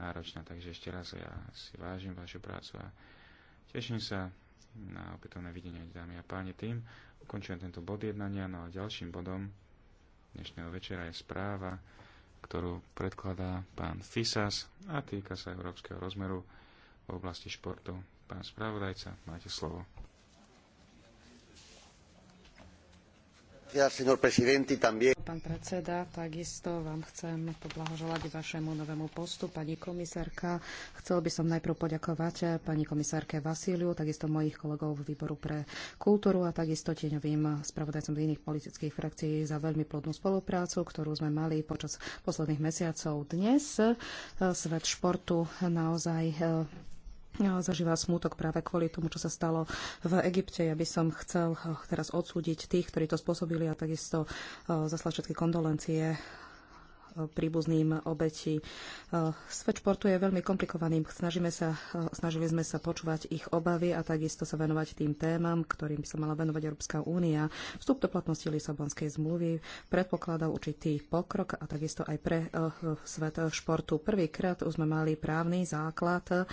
náročná. Takže ešte raz ja si vážim vašu prácu a teším sa na opätovné videnie, dámy a páni. Tým ukončujem tento bod jednania, no a ďalším bodom dnešného večera je správa, ktorú predkladá pán Fisas a týka sa európskeho rozmeru v oblasti športu. Pán spravodajca, máte slovo. Pán predseda, takisto vám chcem poblahoželať vašemu novému postu. Pani komisárka, chcel by som najprv poďakovať eh, pani komisárke Vasíliu, takisto mojich kolegov v výboru pre kultúru a takisto tieňovým spravodajcom z iných politických frakcií za veľmi plodnú spoluprácu, ktorú sme mali počas posledných mesiacov. Dnes eh, svet športu naozaj eh, zažíva smútok práve kvôli tomu, čo sa stalo v Egypte. Ja by som chcel eh, teraz odsúdiť tých, ktorí to spôsobili a takisto eh, zaslať všetky kondolencie eh, príbuzným obeti. Svet športu je veľmi komplikovaným. Snažíme sa, snažili sme sa počúvať ich obavy a takisto sa venovať tým témam, ktorým sa mala venovať Európska únia. Vstup do platnosti Lisabonskej zmluvy predpokladal určitý pokrok a takisto aj pre svet športu. Prvýkrát už sme mali právny základ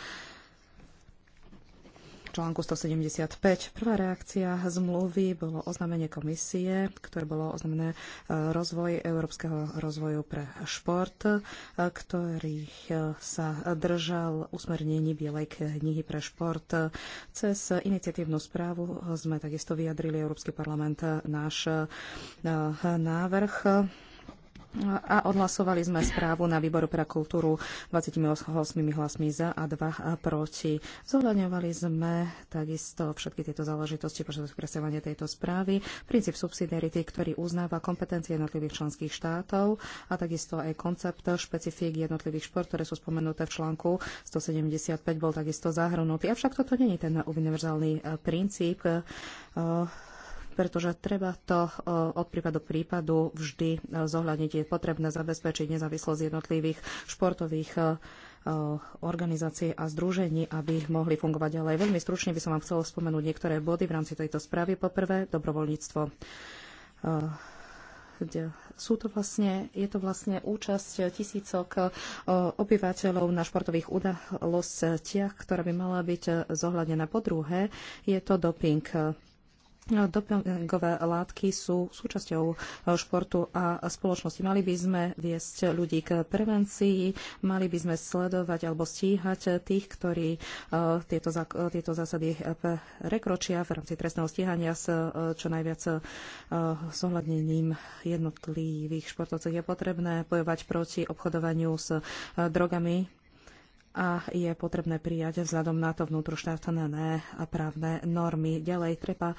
článku 175. Prvá reakcia zmluvy bolo oznámenie komisie, ktoré bolo oznámené e, rozvoj európskeho rozvoju pre šport, e, ktorý e, sa držal usmernení Bielej knihy pre šport. Cez iniciatívnu správu sme takisto vyjadrili Európsky parlament náš návrh a odhlasovali sme správu na výboru pre kultúru 28 hlasmi za a 2 proti. Zohľadňovali sme takisto všetky tieto záležitosti počas presovania tejto správy, princíp subsidiarity, ktorý uznáva kompetencie jednotlivých členských štátov a takisto aj koncept špecifík jednotlivých šport, ktoré sú spomenuté v článku 175, bol takisto zahrnutý. Avšak toto není ten univerzálny princíp, eh, pretože treba to e, od prípadu k prípadu vždy e, zohľadniť. Je potrebné zabezpečiť nezávislosť jednotlivých športových e, organizácií a združení, aby mohli fungovať ďalej. Veľmi stručne by som vám chcela spomenúť niektoré body v rámci tejto správy. Poprvé, dobrovoľníctvo sú to vlastne, je to vlastne účasť tisícok obyvateľov na športových udalostiach, ktorá by mala byť zohľadená. Po druhé, je to doping. No, dopingové látky sú súčasťou eh, športu a spoločnosti. Mali by sme viesť ľudí k prevencii, mali by sme sledovať alebo stíhať tých, ktorí eh, tieto, tieto zásady prekročia v rámci trestného stíhania s eh, čo najviac zohľadnením jednotlivých športovcov. Je potrebné bojovať proti obchodovaniu s drogami a je potrebné prijať vzhľadom na to vnútroštátne právne normy. Ďalej treba eh,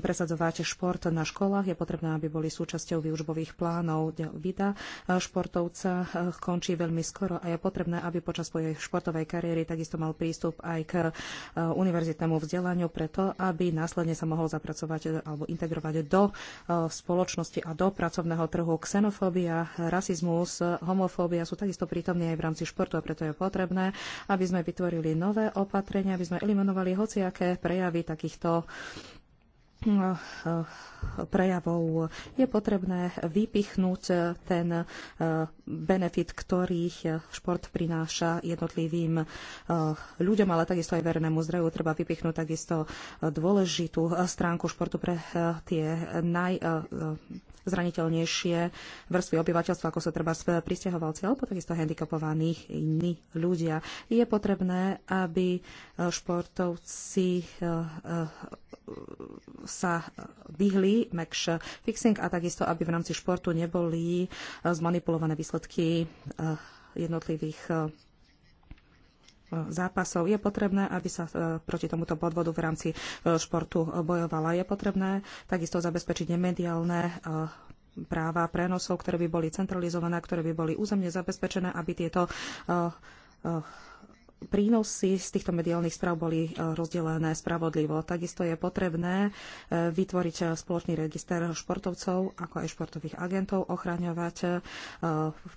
presadzovať šport na školách. Je potrebné, aby boli súčasťou výužbových plánov. Vida eh, športovca eh, končí veľmi skoro a je potrebné, aby počas svojej športovej kariéry takisto mal prístup aj k univerzitnému vzdelaniu preto, aby následne sa mohol zapracovať alebo integrovať do spoločnosti a do pracovného trhu. Xenofóbia, rasizmus, homofóbia sú takisto prítomní aj v rámci športu a preto je potrebné potrebné, aby sme vytvorili nové opatrenia, aby sme eliminovali hociaké prejavy takýchto eh, eh, prejavov je potrebné vypichnúť ten eh, benefit, ktorý šport prináša jednotlivým ľuďom, ale takisto aj vernému zdraju. Treba vypichnúť takisto dôležitú stránku športu pre tie naj zraniteľnejšie vrstvy obyvateľstva, ako sú treba pristahovalci alebo takisto handicapovaných iní ľudia. Je potrebné, aby e, športovci e, e, sa vyhli match fixing a takisto, aby v rámci športu neboli zmanipulované výsledky jednotlivých zápasov. Je potrebné, aby sa e, proti tomuto podvodu v rámci e, športu e, bojovala. Je potrebné takisto zabezpečiť nemediálne práva prenosov, ktoré by boli centralizované, ktoré by boli územne zabezpečené, aby tieto prínosy z týchto mediálnych správ boli rozdelené spravodlivo. Takisto je potrebné vytvoriť spoločný register športovcov, ako aj športových agentov, ochraňovať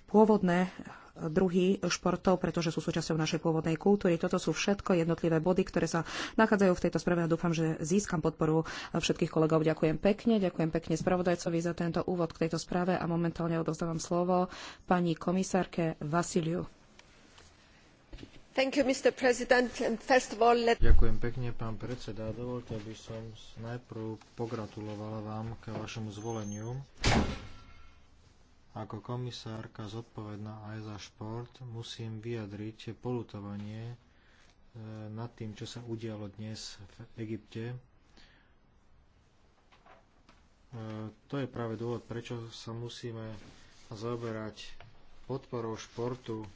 pôvodné druhy športov, pretože sú súčasťou našej pôvodnej kultúry. Toto sú všetko jednotlivé body, ktoré sa nachádzajú v tejto správe a dúfam, že získam podporu všetkých kolegov. Ďakujem pekne, ďakujem pekne spravodajcovi za tento úvod k tejto správe a momentálne odozdávam slovo pani komisárke Vasiliu. You, all, let... Ďakujem pekne, pán predseda. Dovolte, aby som najprv pogratulovala vám k vašemu zvoleniu. Ako komisárka zodpovedná aj za šport musím vyjadriť polutovanie e, nad tým, čo sa udialo dnes v Egypte. E, to je práve dôvod, prečo sa musíme zaoberať podporou športu.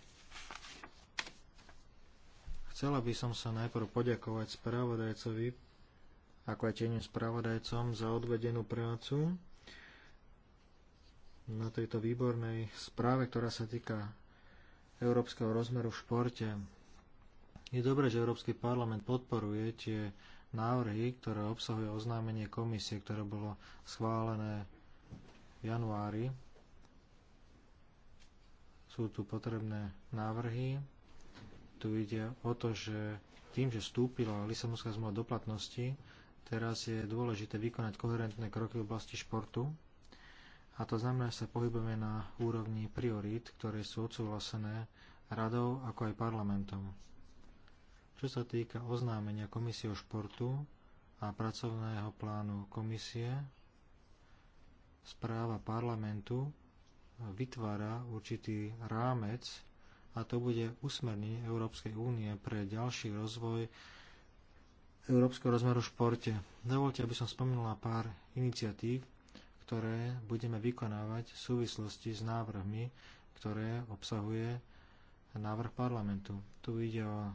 Chcela by som sa najprv poďakovať spravodajcovi, ako aj tieňom spravodajcom za odvedenú prácu na tejto výbornej správe, ktorá sa týka európskeho rozmeru v športe. Je dobré, že Európsky parlament podporuje tie návrhy, ktoré obsahuje oznámenie komisie, ktoré bolo schválené v januári. Sú tu potrebné návrhy. Tu ide o to, že tým, že vstúpila Lisabonská zmluva do platnosti, teraz je dôležité vykonať koherentné kroky v oblasti športu, a to znamená, že sa pohybujeme na úrovni priorít, ktoré sú odsúhlasené radou ako aj parlamentom. Čo sa týka oznámenia komisie o športu a pracovného plánu komisie, správa parlamentu vytvára určitý rámec a to bude usmernenie Európskej únie pre ďalší rozvoj európskeho rozmeru v športe. Dovolte, aby som spomenula pár iniciatív, ktoré budeme vykonávať v súvislosti s návrhmi, ktoré obsahuje návrh parlamentu. Tu ide o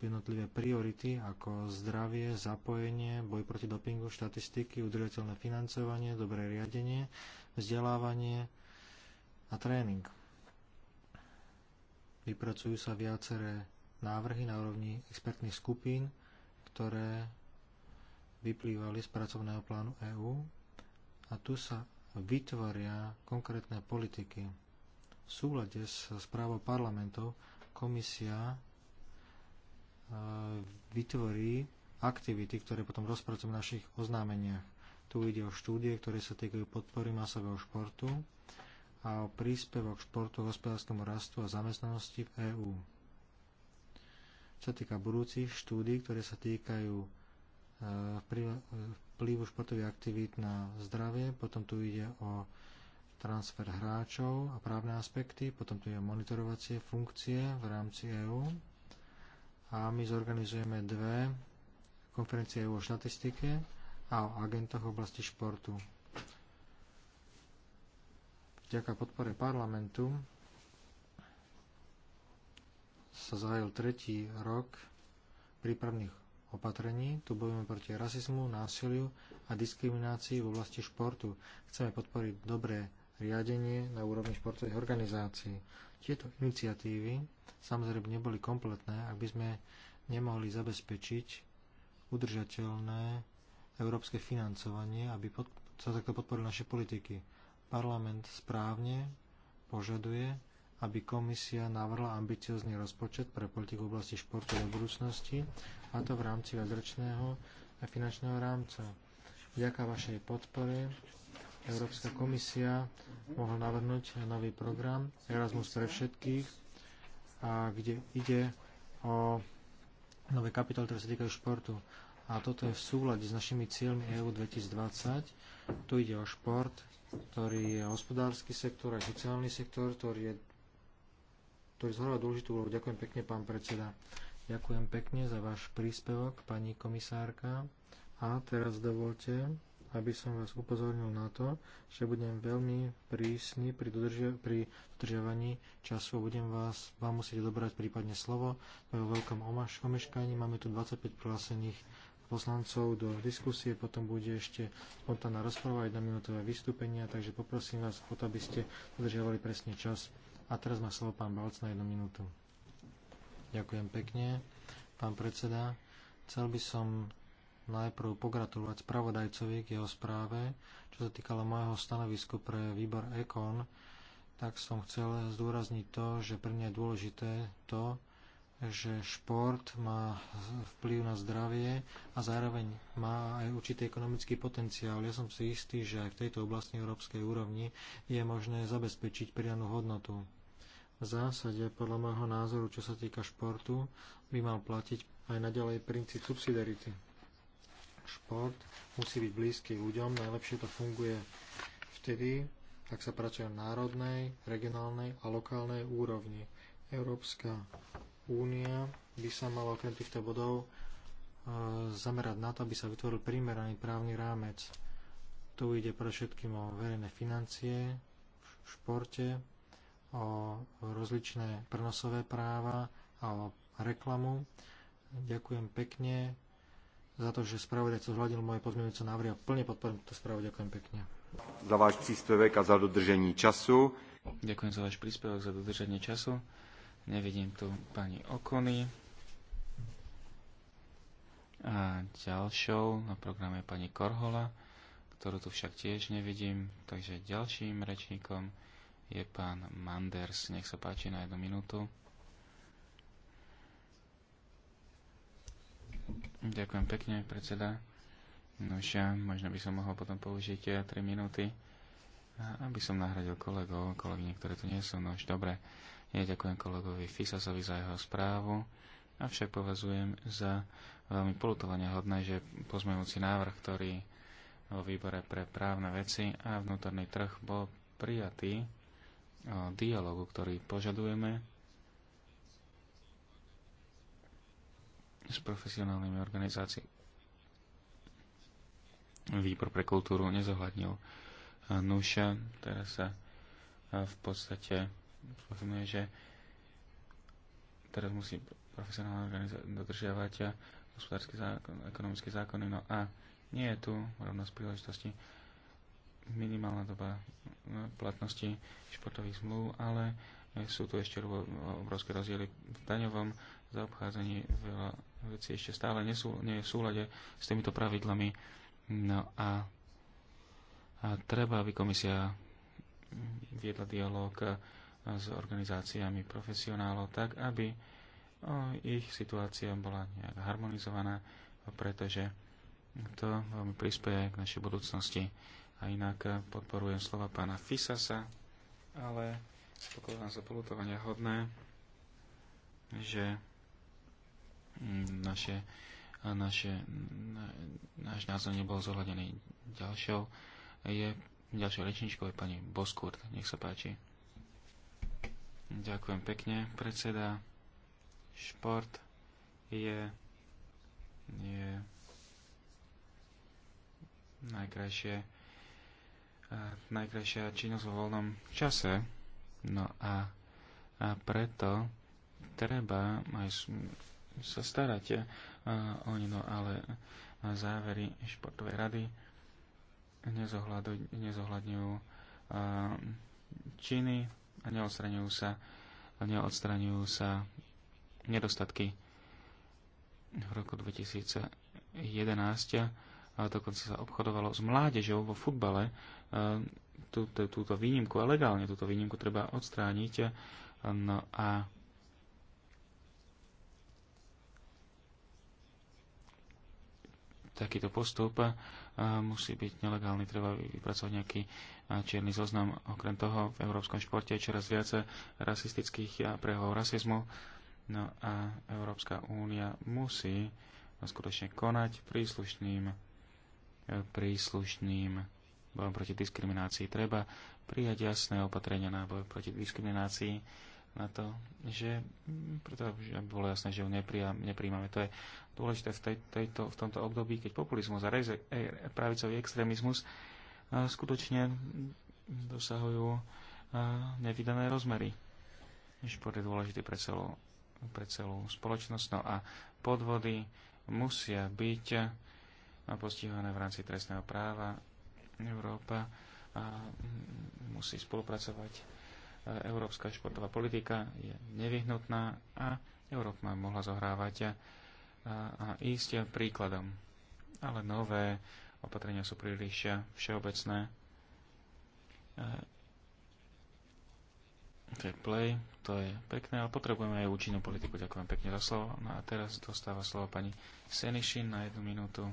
jednotlivé priority ako zdravie, zapojenie, boj proti dopingu, štatistiky, udržateľné financovanie, dobré riadenie, vzdelávanie a tréning. Vypracujú sa viaceré návrhy na úrovni expertných skupín, ktoré vyplývali z pracovného plánu EÚ a tu sa vytvoria konkrétne politiky. V súlade s správou parlamentov komisia e, vytvorí aktivity, ktoré potom rozpracujú v našich oznámeniach. Tu ide o štúdie, ktoré sa týkajú podpory masového športu a o príspevok športu k hospodárskému rastu a zamestnanosti v EÚ. Čo sa týka budúcich štúdí, ktoré sa týkajú e, e, vplyvu športových aktivít na zdravie, potom tu ide o transfer hráčov a právne aspekty, potom tu je monitorovacie funkcie v rámci EÚ a my zorganizujeme dve konferencie EÚ o štatistike a o agentoch v oblasti športu. Vďaka podpore parlamentu sa zahajil tretí rok prípravných opatrení. Tu bojujeme proti rasizmu, násiliu a diskriminácii v oblasti športu. Chceme podporiť dobré riadenie na úrovni športových organizácií. Tieto iniciatívy samozrejme neboli kompletné, aby sme nemohli zabezpečiť udržateľné európske financovanie, aby pod, sa takto podporili naše politiky. Parlament správne požaduje, aby komisia navrhla ambiciozný rozpočet pre politiku v oblasti športu do budúcnosti, a to v rámci viacročného a finančného rámca. Vďaka vašej podpore Európska komisia mohla navrhnúť nový program Erasmus pre všetkých, a kde ide o nové kapitoly, ktoré sa týkajú športu. A toto je v súlade s našimi cieľmi EU 2020. Tu ide o šport, ktorý je hospodársky sektor aj sociálny sektor, ktorý je to je zhruba dôležitú úlohu. Ďakujem pekne, pán predseda. Ďakujem pekne za váš príspevok, pani komisárka. A teraz dovolte, aby som vás upozornil na to, že budem veľmi prísny pri, dodržia- pri dodržiavaní času. Budem vás, vám musieť dobrať prípadne slovo. Sme vo veľkom omaš- omeškaní. Máme tu 25 prihlásených poslancov do diskusie, potom bude ešte spontánna rozpráva, jedna minútové vystúpenia, takže poprosím vás o to, aby ste dodržiavali presne čas. A teraz má slovo pán Balc na jednu minútu. Ďakujem pekne. Pán predseda, chcel by som najprv pogratulovať spravodajcovi k jeho správe. Čo sa týkalo môjho stanovisku pre výbor EKON, tak som chcel zdôrazniť to, že pre mňa je dôležité to, že šport má vplyv na zdravie a zároveň má aj určitý ekonomický potenciál. Ja som si istý, že aj v tejto oblasti európskej úrovni je možné zabezpečiť pridanú hodnotu. V zásade, podľa môjho názoru, čo sa týka športu, by mal platiť aj naďalej princíp subsidiarity. Šport musí byť blízky ľuďom, najlepšie to funguje vtedy, ak sa pracuje na národnej, regionálnej a lokálnej úrovni. Európska únia by sa mala okrem týchto bodov e, zamerať na to, aby sa vytvoril primeraný právny rámec. Tu ide pre všetkým o verejné financie v športe, o rozličné prenosové práva a o reklamu. Ďakujem pekne za to, že spravodajca zhľadil moje pozmeňujúce návrhy a plne podporím túto správu. Ďakujem pekne. Za váš príspevok a za dodržení času. Ďakujem za váš príspevok, za dodržanie času. Nevidím tu pani Okony. A ďalšou na programe je pani Korhola, ktorú tu však tiež nevidím. Takže ďalším rečníkom je pán Manders. Nech sa páči na jednu minútu. Ďakujem pekne, predseda. No ja, možno by som mohol potom použiť 3 eh, minúty, aby som nahradil kolegov, kolegyne, ktoré tu nie sú. No už dobre, ja ďakujem kolegovi Fisasovi za jeho správu, avšak považujem za veľmi polutovania hodné, že pozmejúci návrh, ktorý vo výbore pre právne veci a vnútorný trh bol prijatý, dialogu, ktorý požadujeme s profesionálnymi organizáciami. Výbor pre kultúru nezohľadnil Nuša. Teraz sa v podstate pochybuje, že teraz musí profesionálna organizácia dodržiavať hospodárske zákon, ekonomické zákony. No a nie je tu rovnosť príležitosti minimálna doba eh, platnosti športových zmluv, ale eh, sú tu ešte obrovské rozdiely v daňovom zaobchádzaní. Veľa vecí ešte stále nesú, nie je v súlade s týmito pravidlami. No a, a treba, aby komisia viedla dialog eh, s organizáciami profesionálov tak, aby ich situácia bola nejak harmonizovaná, pretože to veľmi prispieje k našej budúcnosti a inak eh, podporujem slova pána Fisasa, ale pokladám za polutovania hodné, že mm, naše, naše, na, náš názor nebol zohľadený ďalšou. Je ďalšou rečničkou je pani Boskurt. Nech sa páči. Ďakujem pekne, predseda. Šport je, je najkrajšie najkrajšia činnosť vo voľnom čase. No a, a preto treba aj sa starať e, o no ale závery športovej rady nezohľadňujú e, činy a neodstraňujú sa, neodstraňujú sa nedostatky. V roku 2011 dokonca sa obchodovalo s mládežou vo futbale. E, tú, tú, túto výnimku, a legálne túto výnimku treba odstrániť. E, no a takýto postup e, musí byť nelegálny, treba vypracovať nejaký čierny zoznam. Okrem toho v európskom športe je čoraz viac rasistických prehov rasizmu. No a Európska únia musí skutočne konať príslušným príslušným bojom proti diskriminácii. Treba prijať jasné opatrenia na boj proti diskriminácii na to, že preto bolo jasné, že ju nepríjmame. To je dôležité v, tej, tejto, v tomto období, keď populizmus a e, pravicový extrémizmus skutočne dosahujú nevydané rozmery. Šport je dôležitý pre celú, pre celú spoločnosť. No a podvody musia byť postihované v rámci trestného práva. Európa mm, musí spolupracovať. E, európska športová politika je nevyhnutná a Európa mohla zohrávať a, a ísť príkladom. Ale nové opatrenia sú príliš všeobecné. E, fair play, to je pekné, ale potrebujeme aj účinnú politiku. Ďakujem pekne za slovo. No a teraz dostáva slovo pani Senišin na jednu minútu.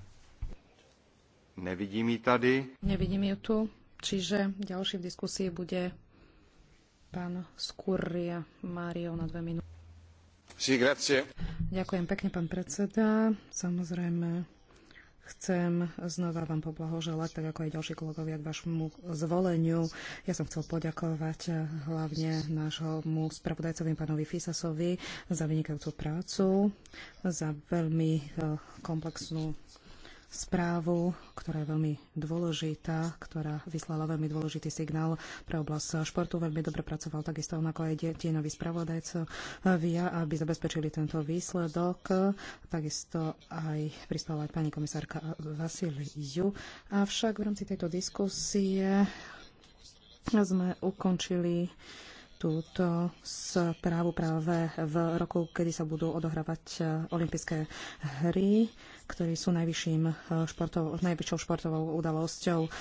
Nevidím ju tady. Nevidím ju tu, čiže ďalší v diskusii bude pán Skurria Mário na dve minúty. Sí, grazie. Ďakujem pekne, pán predseda. Samozrejme, chcem znova vám poblahoželať, tak ako aj ďalší kolegovia, k vašmu zvoleniu. Ja som chcel poďakovať hlavne nášmu spravodajcovi pánovi Fisasovi za vynikajúcu prácu, za veľmi eh, komplexnú správu, ktorá je veľmi dôležitá, ktorá vyslala veľmi dôležitý signál pre oblasť športu. Veľmi dobre pracoval takisto ako aj tienový spravodajco VIA, aby zabezpečili tento výsledok. Takisto aj prispela aj pani komisárka Vasiliu. Avšak v rámci tejto diskusie sme ukončili túto správu práve v roku, kedy sa budú odohrávať eh, olympijské hry ktorí sú najvyšším eh, športov, najvyššou športovou udalosťou eh,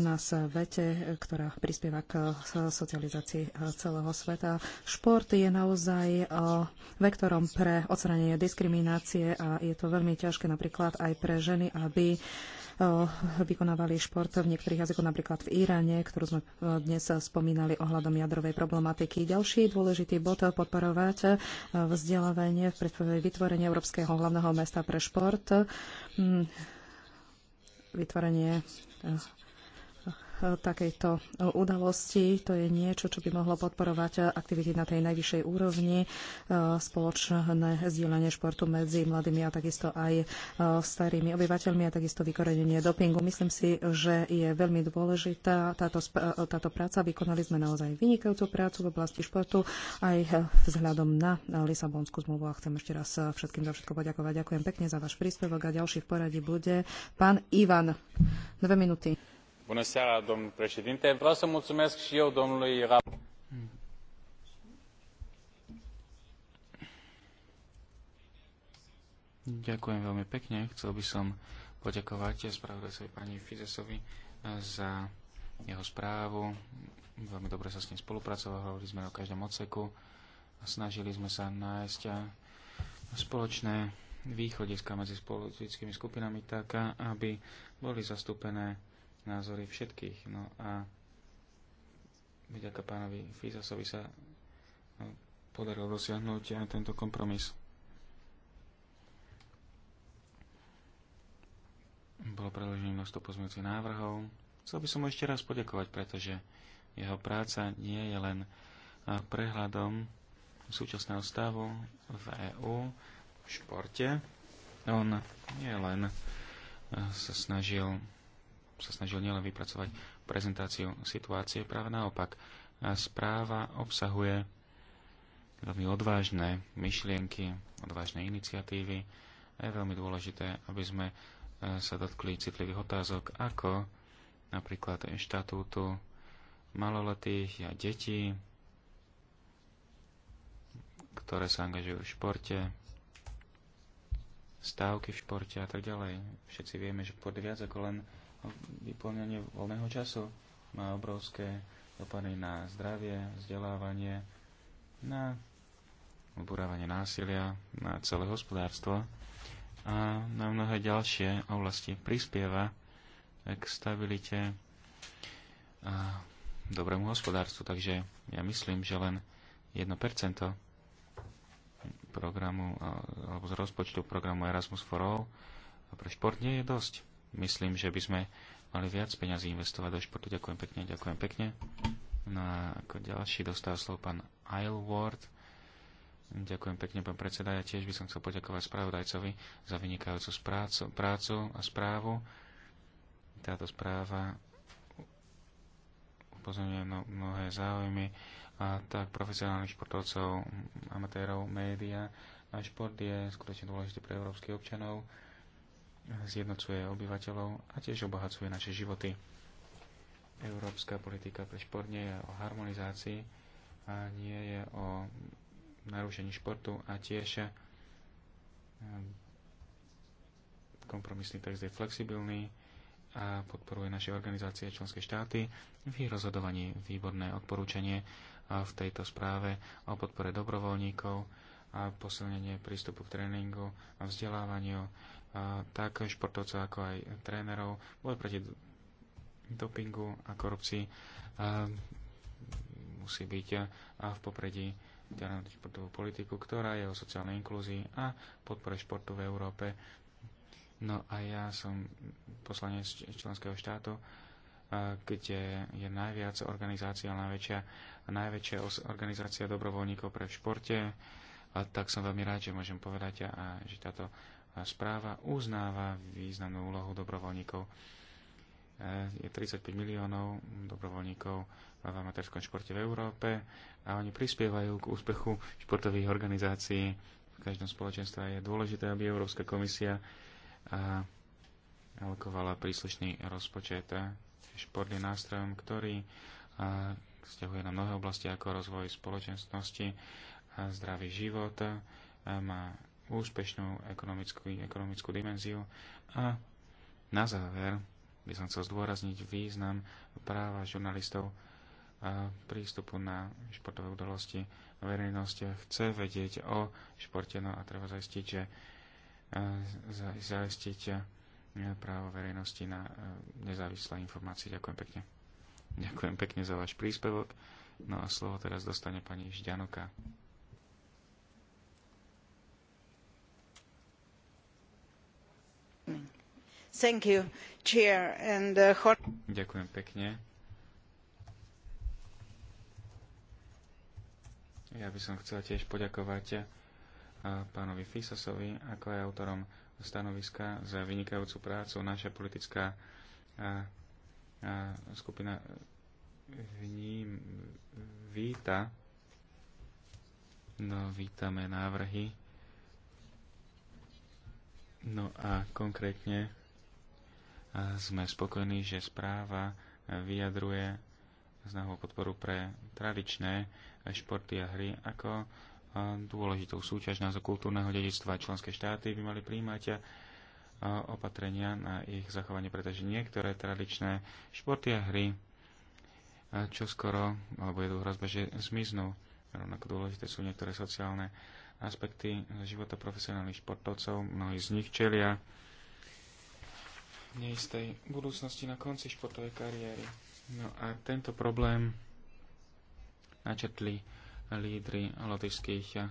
na svete, ktorá prispieva k eh, socializácii celého sveta. Šport je naozaj vektorom pre odstranenie diskriminácie a je to veľmi ťažké napríklad aj pre ženy, aby Eh, vykonávali šport v niektorých jazykoch, napríklad v Iráne, ktorú sme eh, dnes spomínali ohľadom jadrovej problematiky. Ďalší dôležitý bod eh, podporovať vzdelávanie v predpovedi vytvorenie Európskeho hlavného mesta pre šport, mm, vytvorenie takejto udalosti. To je niečo, čo by mohlo podporovať aktivity na tej najvyššej úrovni, e, spoločné zdieľanie športu medzi mladými a takisto aj e, starými obyvateľmi a takisto vykorenenie dopingu. Myslím si, že je veľmi dôležitá táto, e, táto práca. Vykonali sme naozaj vynikajúcu prácu v oblasti športu aj vzhľadom na Lisabonskú zmluvu a chcem ešte raz všetkým za všetko poďakovať. Ďakujem pekne za váš príspevok a ďalší v poradí bude pán Ivan. Dve minúty vreau să mulumesc i eu domnului Ďakujem veľmi pekne. Chcel by som poďakovať spravodajcovi pani Fizesovi eh, za jeho správu. Veľmi dobre sa s ním spolupracovalo, hovorili sme o každom odseku a snažili sme sa nájsť eh, spoločné východiska medzi politickými skupinami tak, aby boli zastúpené názory všetkých. No a vďaka pánovi Fizasovi sa no, podarilo dosiahnuť aj eh, tento kompromis. Bolo preložené množstvo pozmeňujúcich návrhov. Chcel by som mu ešte raz poďakovať, pretože jeho práca nie je len eh, prehľadom súčasného stavu v EÚ v športe. On nie len eh, sa snažil sa snažil nielen vypracovať prezentáciu situácie, práve naopak. A správa obsahuje veľmi odvážne myšlienky, odvážne iniciatívy. A je veľmi dôležité, aby sme e, sa dotkli citlivých otázok, ako napríklad štatútu maloletých a detí, ktoré sa angažujú v športe, stávky v športe a tak ďalej. Všetci vieme, že pod viac ako len vyplňanie voľného času má obrovské dopady na zdravie, vzdelávanie, na obúravanie násilia, na celé hospodárstvo a na mnohé ďalšie oblasti prispieva k stabilite a dobrému hospodárstvu. Takže ja myslím, že len 1% programu alebo z rozpočtu programu Erasmus for All pre šport nie je dosť myslím, že by sme mali viac peňazí investovať do športu. Ďakujem pekne, ďakujem pekne. No a ako ďalší dostal slov pán Isleworth. Ďakujem pekne, pán predseda. Ja tiež by som chcel poďakovať spravodajcovi za vynikajúcu sprácu, prácu a správu. Táto správa upozorňuje mnohé záujmy a tak profesionálnych športovcov, amatérov, média a šport je skutočne dôležitý pre európskych občanov zjednocuje obyvateľov a tiež obohacuje naše životy. Európska politika pre šport nie je o harmonizácii a nie je o narušení športu a tiež eh, kompromisný text je flexibilný a podporuje naše organizácie a členské štáty v ich rozhodovaní. Výborné odporúčanie eh, v tejto správe o podpore dobrovoľníkov a posilnenie prístupu k tréningu a vzdelávaniu tak športovcov, ako aj trénerov, boj proti dopingu a korupcii musí byť v popredí športovú politiku, ktorá je o sociálnej inklúzii a podpore športu v Európe. No a ja som poslanec členského štátu, kde je najviac organizácia, najväčšia, najväčšia organizácia dobrovoľníkov pre v športe. A tak som veľmi rád, že môžem povedať a že táto správa uznáva významnú úlohu dobrovoľníkov. E, je 35 miliónov dobrovoľníkov v amatérskom športe v Európe a oni prispievajú k úspechu športových organizácií v každom spoločenstve. Je dôležité, aby Európska komisia e, alokovala príslušný rozpočet. Šport je nástrojom, ktorý e, vzťahuje na mnohé oblasti ako rozvoj spoločenstnosti, zdravý život, má úspešnú ekonomickú, ekonomickú dimenziu. A na záver by som chcel zdôrazniť význam práva žurnalistov a prístupu na športové udalosti. Verejnosť chce vedieť o športe, no a treba zaistiť, že zaistiť právo verejnosti na nezávislé informácie. Ďakujem pekne. Ďakujem pekne za váš príspevok. No a slovo teraz dostane pani Žďanoka. Uh, Ďakujem pekne. Ja by som chcel tiež poďakovať uh, pánovi Fisasovi, ako aj autorom stanoviska za vynikajúcu prácu. Naša politická uh, skupina v ním víta. No, vítame návrhy. No a konkrétne sme spokojní, že správa vyjadruje znahu podporu pre tradičné športy a hry ako dôležitou súťaž nás kultúrneho dedictva. Členské štáty by mali príjmať opatrenia na ich zachovanie, pretože niektoré tradičné športy a hry čo skoro, alebo je tu hrozba, že zmiznú. Rovnako dôležité sú niektoré sociálne aspekty života profesionálnych športovcov. Mnohí z nich čelia neistej budúcnosti na konci športovej kariéry. No a tento problém načetli lídry lotyšských eh,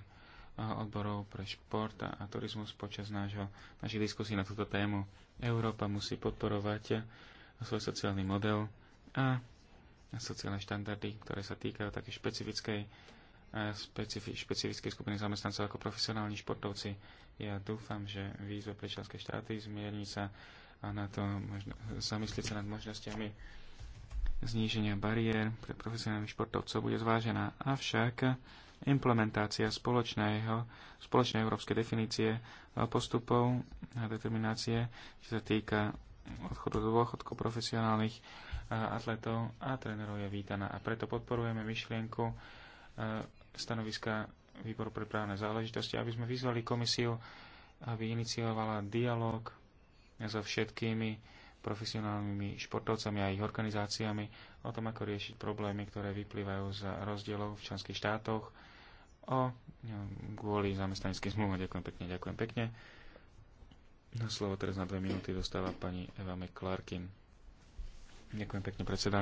odborov pre šport a turizmus počas nášho, našich diskusí na túto tému. Európa musí podporovať eh, svoj sociálny model a sociálne štandardy, ktoré sa týkajú také špecifickej, špecifi, eh, špecifickej skupiny zamestnancov ako profesionálni športovci. Ja dúfam, že výzva pre členské štáty zmierni sa a na to možno, zamyslieť sa nad možnosťami zníženia bariér pre profesionálnych športovcov bude zvážená. Avšak implementácia spoločného, spoločnej európskej definície postupov a determinácie, čo sa týka odchodu do dôchodku profesionálnych e, atletov a trénerov je vítaná. A preto podporujeme myšlienku e, stanoviska Výboru pre právne záležitosti, aby sme vyzvali komisiu, aby iniciovala dialog so všetkými profesionálnymi športovcami a ich organizáciami o tom, ako riešiť problémy, ktoré vyplývajú z rozdielov v členských štátoch o no, kvôli zamestnaneckým zmluvom. Ďakujem pekne, ďakujem pekne. Na slovo teraz na dve minúty dostáva pani Eva McClarkin. Ďakujem pekne, predseda.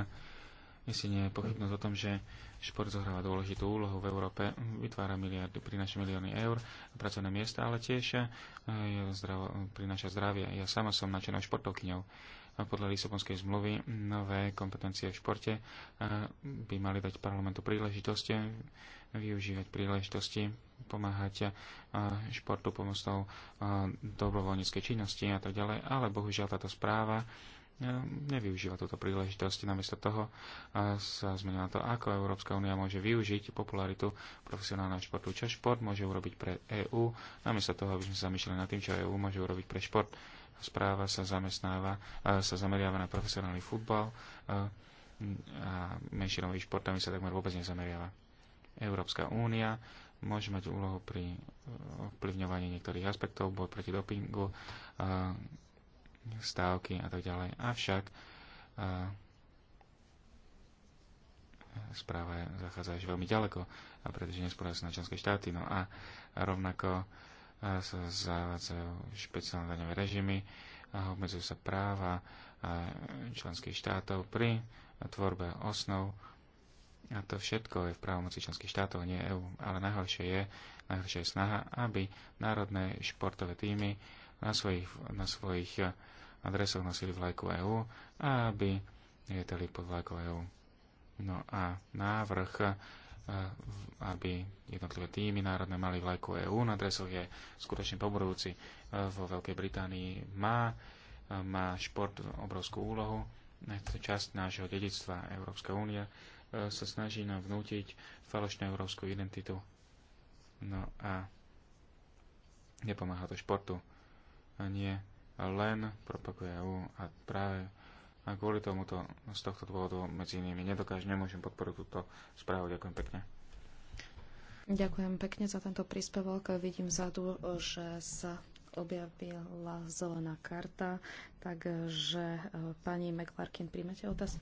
Myslím nie je pochybnosť o tom, že šport zohráva dôležitú úlohu v Európe, vytvára miliardy, prináša milióny eur, pracovné miesta, ale tiež eh, je zdravo, prináša zdravie. Ja sama som načenou športovkyňou. Podľa Lisabonskej zmluvy nové kompetencie v športe eh, by mali dať parlamentu príležitosti, eh, využívať príležitosti, pomáhať športu pomocou dobrovoľníckej činnosti a tak ďalej, ale bohužiaľ táto správa nevyužíva túto príležitosť. Namiesto toho eh, sa zmenila to, ako Európska únia môže využiť popularitu profesionálneho športu, čo šport môže urobiť pre EÚ, namiesto toho, aby sme sa zamýšľali nad tým, čo EÚ môže urobiť pre šport. Správa sa zamestnáva, eh, sa zameriava na profesionálny futbal eh, a šport športami sa takmer vôbec nezameriava. Európska únia môže mať úlohu pri ovplyvňovaní niektorých aspektov, boj proti dopingu, stávky a tak ďalej. Avšak a, e, správa zachádza až veľmi ďaleko, a pretože nespoľajú sa na členské štáty. No a rovnako e, sa zavádzajú špeciálne daňové režimy a obmedzujú sa práva e, členských štátov pri tvorbe osnov. A to všetko je v právomoci členských štátov, nie EÚ. Ale najhoršie je, najhoršia je snaha, aby národné športové týmy na svojich, na svojich eh, adresoch nosili vlajku EÚ a aby lietali pod vlajkou EÚ. No a návrh, eh, aby jednotlivé týmy národné mali vlajku EÚ na adresoch je skutočne poborujúci. Eh, vo Veľkej Británii má, má šport obrovskú úlohu. Je to časť nášho dedictva. Európska únia sa snaží nám vnútiť falošnú európsku identitu. No a nepomáha to športu a nie len propaguje EU a práve a kvôli tomuto, z tohto dôvodu medzi inými nedokážem, nemôžem podporiť túto správu. Ďakujem pekne. Ďakujem pekne za tento príspevok. Vidím vzadu, že sa objavila zelená karta, takže e, pani McClarkin, príjmete otázku?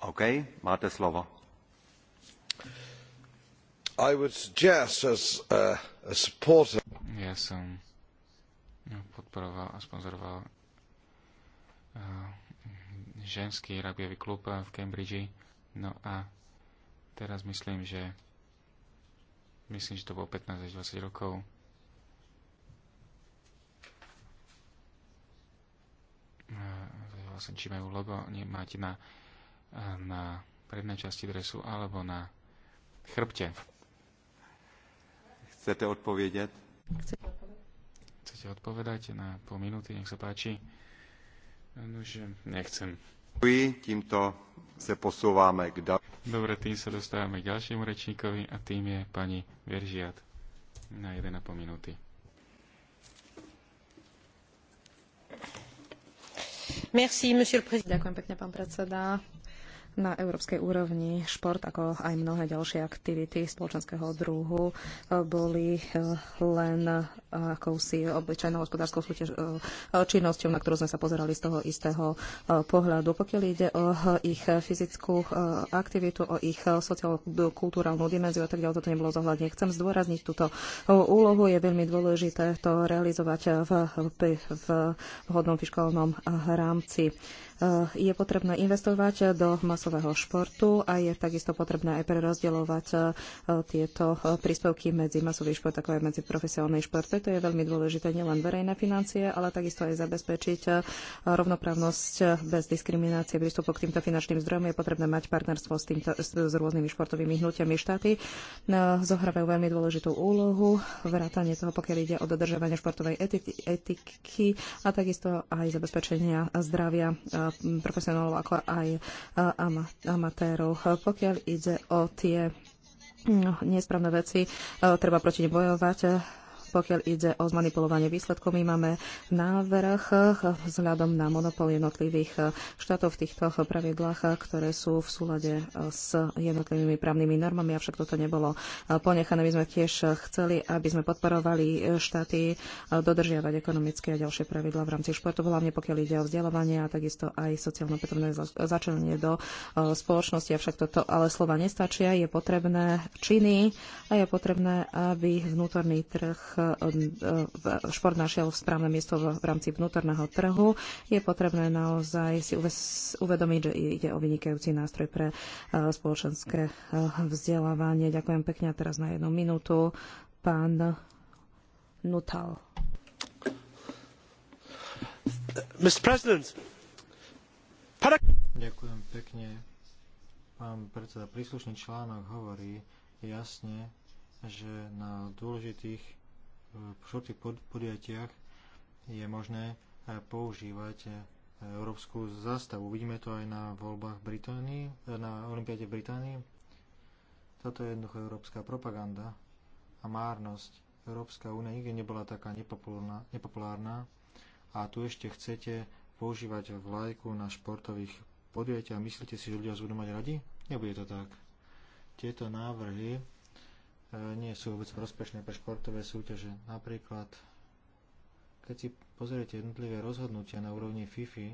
OK, máte slovo. I would suggest as a, uh, a supporter som no, podporoval a sponzoroval eh, ženský rabiový klub eh, v Cambridge. No a teraz myslím, že myslím, že to bolo 15 až 20 rokov. Eh, vlastne, či majú logo, máte na, na prednej časti dresu alebo na chrbte. Chcete odpovedať? Chcete odpovedať? Chcete odpovedať na pol minúty, nech sa páči. Nože, nechcem. Týmto sa posúvame k dal... Dobre, tým sa dostávame k ďalšiemu rečníkovi a tým je pani Veržiat na 1,5 minúty. Merci, monsieur le président. Ďakujem pekne, pán predseda. Na európskej úrovni šport, ako aj mnohé ďalšie aktivity spoločenského druhu, e, boli e, len e, akousi obyčajnou hospodárskou súťaž, činnosťou, na ktorú sme sa pozerali z toho istého pohľadu. Pokiaľ ide o ich fyzickú aktivitu, o ich sociálno dimenziu a tak ďalej, toto nebolo zohľadne. Chcem zdôrazniť túto úlohu. Je veľmi dôležité to realizovať v, v, v vhodnom fiskálnom rámci. Eh, je potrebné investovať do masového športu a je takisto potrebné aj prerozdeľovať eh, tieto eh, príspevky medzi masový šport ako aj medzi profesionálny šport. To je veľmi dôležité nielen verejné financie, ale takisto aj zabezpečiť rovnoprávnosť bez diskriminácie prístupu k týmto finančným zdrojom. Je potrebné mať partnerstvo s, týmto, s rôznymi športovými hnutiami štáty. Zohrávajú veľmi dôležitú úlohu vrátanie toho, pokiaľ ide o dodržovanie športovej etiky, etiky a takisto aj zabezpečenia zdravia Eh, profesionálov, ako aj eh, amatérov. Pokiaľ ide o tie mm, nesprávne veci, eh, treba proti nebojovať pokiaľ ide o zmanipulovanie výsledkov, my máme návrh vzhľadom na monopol jednotlivých štátov v týchto pravidlách, ktoré sú v súlade s jednotlivými právnymi normami, avšak toto nebolo ponechané. My sme tiež chceli, aby sme podporovali štáty dodržiavať ekonomické a ďalšie pravidlá v rámci športu, hlavne pokiaľ ide o vzdelávanie a takisto aj sociálno-petovné začlenie do e, spoločnosti. Avšak toto ale slova nestačia, je potrebné činy a je potrebné, aby vnútorný trh šport našiel v správne miesto v, rámci vnútorného trhu, je potrebné naozaj si uvedomiť, že ide o vynikajúci nástroj pre eh, spoločenské eh, vzdelávanie. Ďakujem pekne teraz na jednu minútu pán Nutal. Mr. President, Ďakujem pekne. Pán predseda, príslušný článok hovorí jasne, že na dôležitých v sortých podujatiach je možné e, používať e, európsku zástavu. Vidíme to aj na voľbách Británii, e, na Olympiáde v Británii. Toto je jednoducho európska propaganda a márnosť. Európska únia nikdy nebola taká nepopulárna, nepopulárna a tu ešte chcete používať vlajku na športových podujatiach. Myslíte si, že ľudia budú mať radi? Nebude to tak. Tieto návrhy E, nie sú vôbec prospešné pre športové súťaže. Napríklad, keď si pozriete jednotlivé rozhodnutia na úrovni FIFI,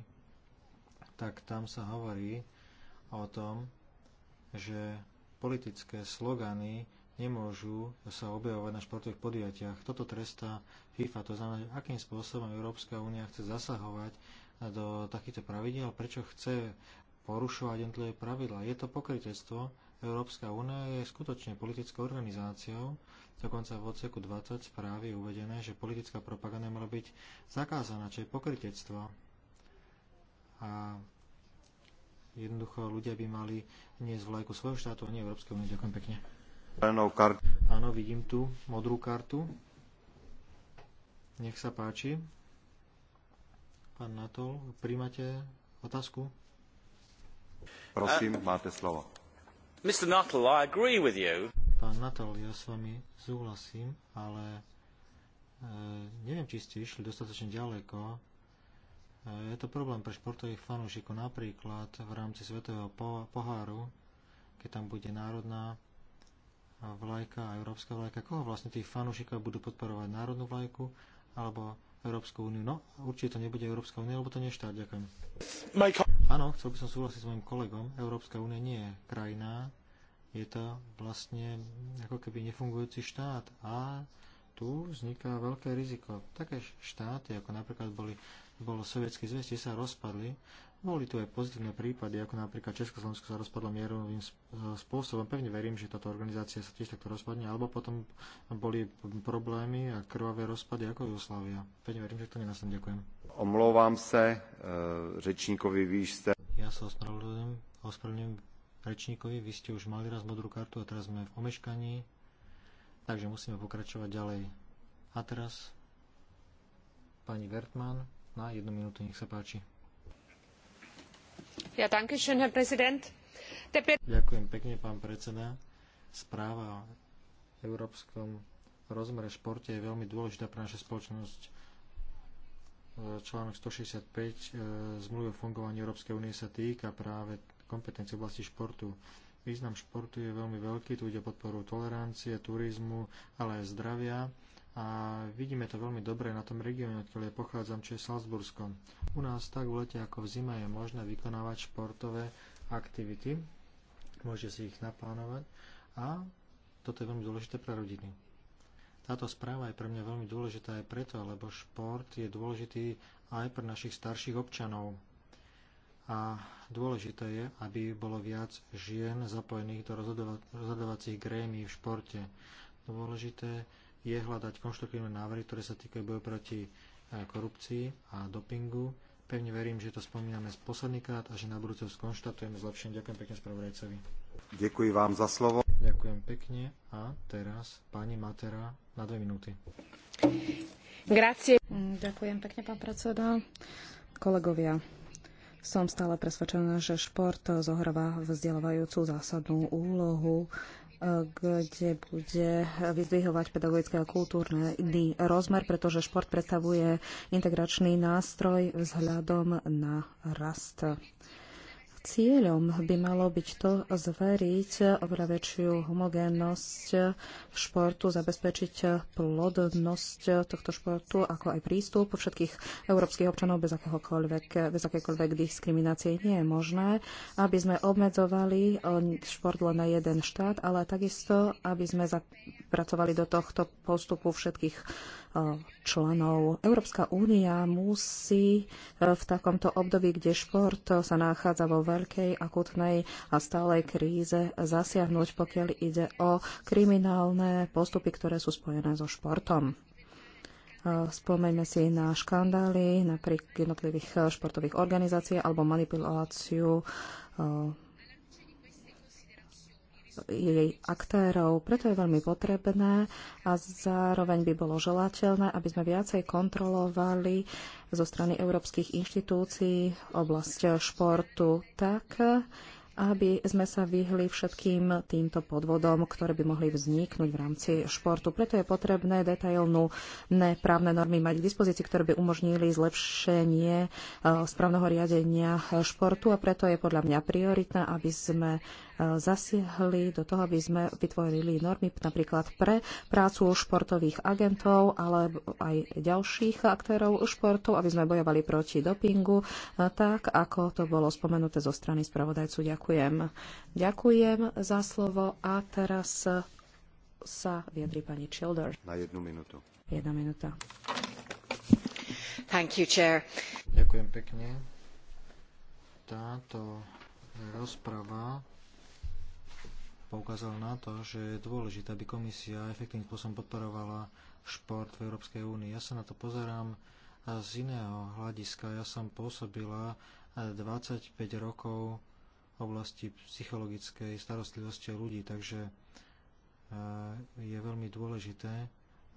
tak tam sa hovorí o tom, že politické slogany nemôžu sa objavovať na športových podujatiach. Toto trestá FIFA. To znamená, akým spôsobom Európska únia chce zasahovať do takýchto pravidel prečo chce porušovať jednotlivé pravidla. Je to pokrytectvo, Európska únia je skutočne politickou organizáciou. Dokonca v odseku 20 správy je uvedené, že politická propaganda mala byť zakázaná, čo je pokrytectvo. A jednoducho ľudia by mali niesť vlajku svojho štátu a nie Európskej únie. Ďakujem pekne. Áno, vidím tu modrú kartu. Nech sa páči. Pán Natol, príjmate otázku? Prosím, máte slovo. Mr. Nuttall, I agree with you. Pán Nuttall, ja s vami súhlasím, ale e, neviem, či ste išli dostatočne ďaleko. E, je to problém pre športových fanúšikov napríklad v rámci Svetového poháru, keď tam bude národná vlajka a európska vlajka. Koho vlastne tých fanúšikov budú podporovať? Národnú vlajku alebo Európsku úniu? No, určite to nebude Európska únia, lebo to nie je štát. Ďakujem. Áno, chcel by som súhlasiť s mojim kolegom. Európska únia nie je krajina, je to vlastne ako keby nefungujúci štát a tu vzniká veľké riziko. Také štáty, ako napríklad boli, bolo Sovietský zväz, sa rozpadli boli tu aj pozitívne prípady, ako napríklad Československo sa rozpadlo mierovým spôsobom. Pevne verím, že táto organizácia sa tiež takto rozpadne, alebo potom boli problémy a krvavé rozpady ako Jugoslávia. Pevne verím, že to nenastane. Ďakujem. Omlouvám sa uh, e, rečníkovi, víš ste... Ja sa ospravedlňujem, ospravedlňujem rečníkovi, vy ste už mali raz modrú kartu a teraz sme v omeškaní, takže musíme pokračovať ďalej. A teraz pani Vertman na jednu minútu, nech sa páči. Ďakujem pekne, pán predseda. Správa v európskom rozmere športe je veľmi dôležitá pre našu spoločnosť. E, článok 165 e, zmluvy o fungovaní Európskej únie sa týka práve kompetencie v oblasti športu. Význam športu je veľmi veľký, tu ide podporu tolerancie, turizmu, ale aj zdravia a vidíme to veľmi dobre na tom regióne, odkiaľ ja pochádzam, čo je Salzbursko. U nás tak v lete ako v zime je možné vykonávať športové aktivity, môže si ich naplánovať a toto je veľmi dôležité pre rodiny. Táto správa je pre mňa veľmi dôležitá aj preto, lebo šport je dôležitý aj pre našich starších občanov. A dôležité je, aby bolo viac žien zapojených do rozhodovacích grémií v športe. Dôležité je hľadať konštruktívne návrhy, ktoré sa týkajú boju proti e, korupcii a dopingu. Pevne verím, že to spomíname z posledný krát a že na budúce skonštatujeme zlepšenie. Ďakujem pekne spravodajcovi. Ďakujem vám za slovo. Ďakujem pekne a teraz pani Matera na dve minúty. Ďakujem pekne, pán predseda. Kolegovia, som stále presvedčená, že šport zohráva vzdelávajúcu zásadnú úlohu kde bude vyzdvihovať pedagogické a kultúrny rozmer, pretože šport predstavuje integračný nástroj vzhľadom na rast. Cieľom by malo byť to zveriť oveľa väčšiu homogénnosť športu, zabezpečiť plodnosť tohto športu, ako aj prístup všetkých európskych občanov bez, bez akékoľvek diskriminácie. Nie je možné, aby sme obmedzovali eh, šport len na jeden štát, ale takisto, aby sme zapracovali do tohto postupu všetkých eh, členov. Európska únia musí eh, v takomto období, kde šport sa nachádza vo veľkej akutnej a stálej kríze zasiahnuť, pokiaľ ide o kriminálne postupy, ktoré sú spojené so športom. Spomeňme si na škandály napríklad jednotlivých športových organizácií alebo manipuláciu jej aktérov. Preto je veľmi potrebné a zároveň by bolo želateľné, aby sme viacej kontrolovali zo strany európskych inštitúcií oblasť športu tak, aby sme sa vyhli všetkým týmto podvodom, ktoré by mohli vzniknúť v rámci športu. Preto je potrebné detailnú právne normy mať k dispozícii, ktoré by umožnili zlepšenie eh, správneho riadenia športu a preto je podľa mňa prioritné, aby sme Eh, zasiahli do toho, aby sme vytvorili normy napríklad pre prácu športových agentov, ale aj ďalších aktérov športu, aby sme bojovali proti dopingu, eh, tak ako to bolo spomenuté zo strany spravodajcu. Ďakujem. Ďakujem za slovo a teraz sa vyjadri pani Childer. Na jednu minútu. Jedna minúta. Thank you, chair. Ďakujem pekne. Táto rozprava poukázal na to, že je dôležité, aby komisia efektívnym spôsobom podporovala šport v Európskej únii. Ja sa na to pozerám z iného hľadiska. Ja som pôsobila 25 rokov v oblasti psychologickej starostlivosti ľudí, takže e, je veľmi dôležité,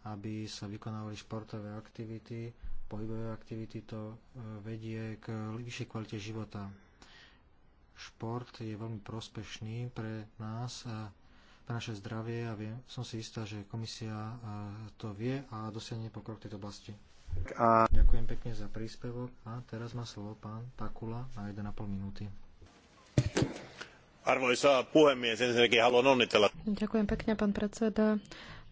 aby sa vykonávali športové aktivity, pohybové aktivity, to e, vedie k vyššej kvalite života šport je veľmi prospešný pre nás a pre naše zdravie a viem, som si istá, že komisia to vie a dosiahne pokrok v tejto oblasti. A... Ďakujem pekne za príspevok a teraz má slovo pán Takula na 1,5 minúty. Arvoisa puhemies, ensinnäkin haluan onnitella. Ďakujem pekne, pán predseda.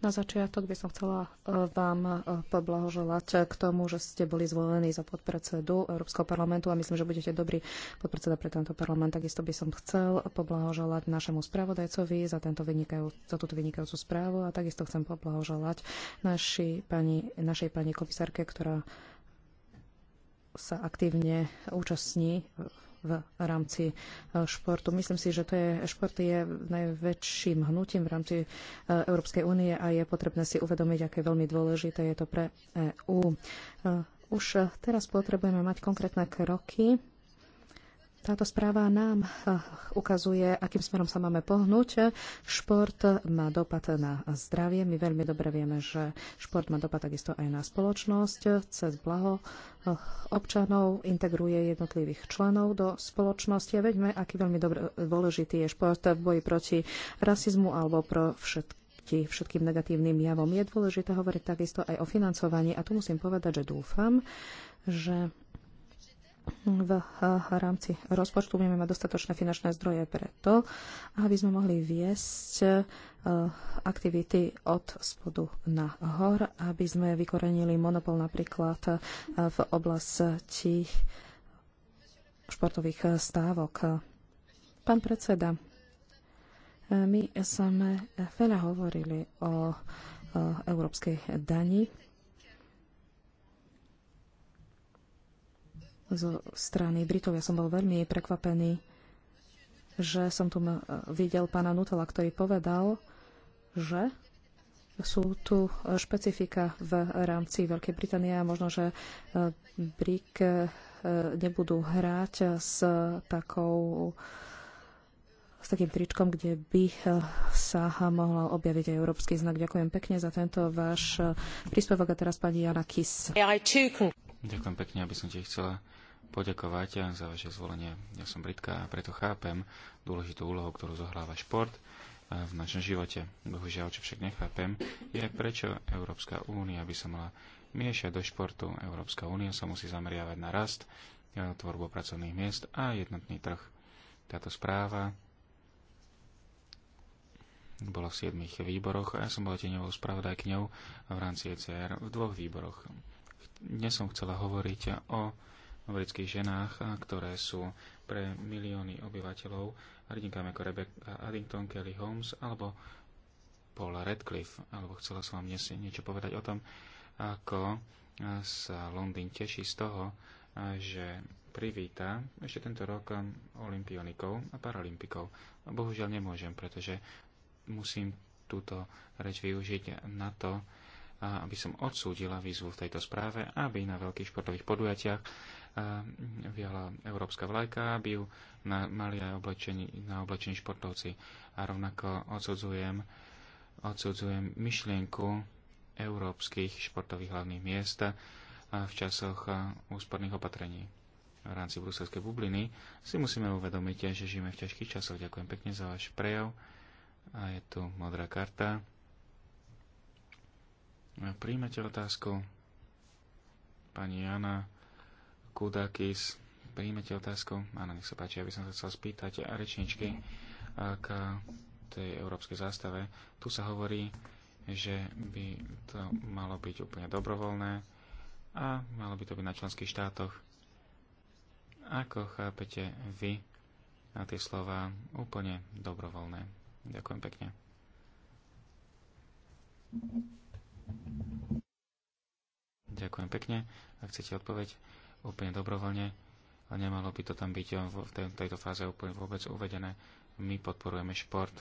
Na začiatok by som chcela e, vám e, poblahoželať k tomu, že ste boli zvolení za podpredsedu Európskeho parlamentu a myslím, že budete dobrý podpredseda pre tento parlament. Takisto by som chcel poblahoželať našemu spravodajcovi za, tento vynikajú, za túto vynikajúcu správu a takisto chcem poblahoželať naši pani, našej pani komisárke, ktorá sa aktívne účastní v rámci e, športu. Myslím si, že to je, šport je najväčším hnutím v rámci e, Európskej únie a je potrebné si uvedomiť, aké veľmi dôležité je to pre EÚ. E, už teraz potrebujeme mať konkrétne kroky táto správa nám eh, ukazuje, akým smerom sa máme pohnúť. Šport má dopad na zdravie. My veľmi dobre vieme, že šport má dopad takisto aj na spoločnosť. Cez blaho eh, občanov integruje jednotlivých členov do spoločnosti. A veďme, aký veľmi dobrý, eh, dôležitý je šport v boji proti rasizmu alebo pro všetko všetkým negatívnym javom. Je dôležité hovoriť takisto aj o financovaní a tu musím povedať, že dúfam, že v eh, rámci rozpočtu budeme mať dostatočné finančné zdroje preto, aby sme mohli viesť eh, aktivity od spodu na hor, aby sme vykorenili monopol napríklad eh, v oblasti športových stávok. Pán predseda, my sme veľa hovorili o európskej dani zo strany Britov. Ja som bol veľmi prekvapený, že som tu videl pána Nutela, ktorý povedal, že sú tu e, špecifika v rámci Veľkej Británie a možno, že e, BRIC e, nebudú hrať s takou s takým tričkom, kde by sa mohol objaviť aj európsky znak. Ďakujem pekne za tento váš príspevok a teraz pani Jana Kis. Ďakujem pekne, aby som ti chcela poďakovať za vaše zvolenie. Ja som Britka a preto chápem dôležitú úlohu, ktorú zohráva šport e, v našom živote. Bohužiaľ, čo však nechápem, je prečo Európska únia by sa mala miešať do športu. Európska únia sa musí zameriavať na rast, e, tvorbu pracovných miest a jednotný trh. Táto správa bola v siedmých výboroch a ja som bola teňovou spravodajkňou v rámci ECR v dvoch výboroch. Dnes som chcela hovoriť o amerických ženách, ktoré sú pre milióny obyvateľov hrdinkami ako Rebecca Addington, Kelly Holmes alebo Paula Radcliffe. Alebo chcela som vám dnes niečo povedať o tom, ako sa Londýn teší z toho, že privíta ešte tento rok olimpionikov a paralympikov. Bohužiaľ nemôžem, pretože musím túto reč využiť na to, aby som odsúdila výzvu v tejto správe, aby na veľkých športových podujatiach viala európska vlajka, aby ju na, mali aj oblečení, na oblečení športovci. A rovnako odsudzujem, odsudzujem myšlienku európskych športových hlavných miest v časoch úsporných opatrení. V rámci bruselskej bubliny si musíme uvedomiť, že žijeme v ťažkých časoch. Ďakujem pekne za váš prejav. A je tu modrá karta. Príjmete otázku. Pani Jana Kudakis, príjmete otázku? Áno, nech sa páči, aby som sa chcel spýtať a rečničky k tej európskej zástave. Tu sa hovorí, že by to malo byť úplne dobrovoľné a malo by to byť na členských štátoch. Ako chápete vy na tie slova úplne dobrovoľné? Ďakujem pekne. Ďakujem pekne. Ak chcete odpoveď, úplne dobrovoľne a nemalo by to tam byť eh, v tejto fáze úplne vôbec uvedené. My podporujeme šport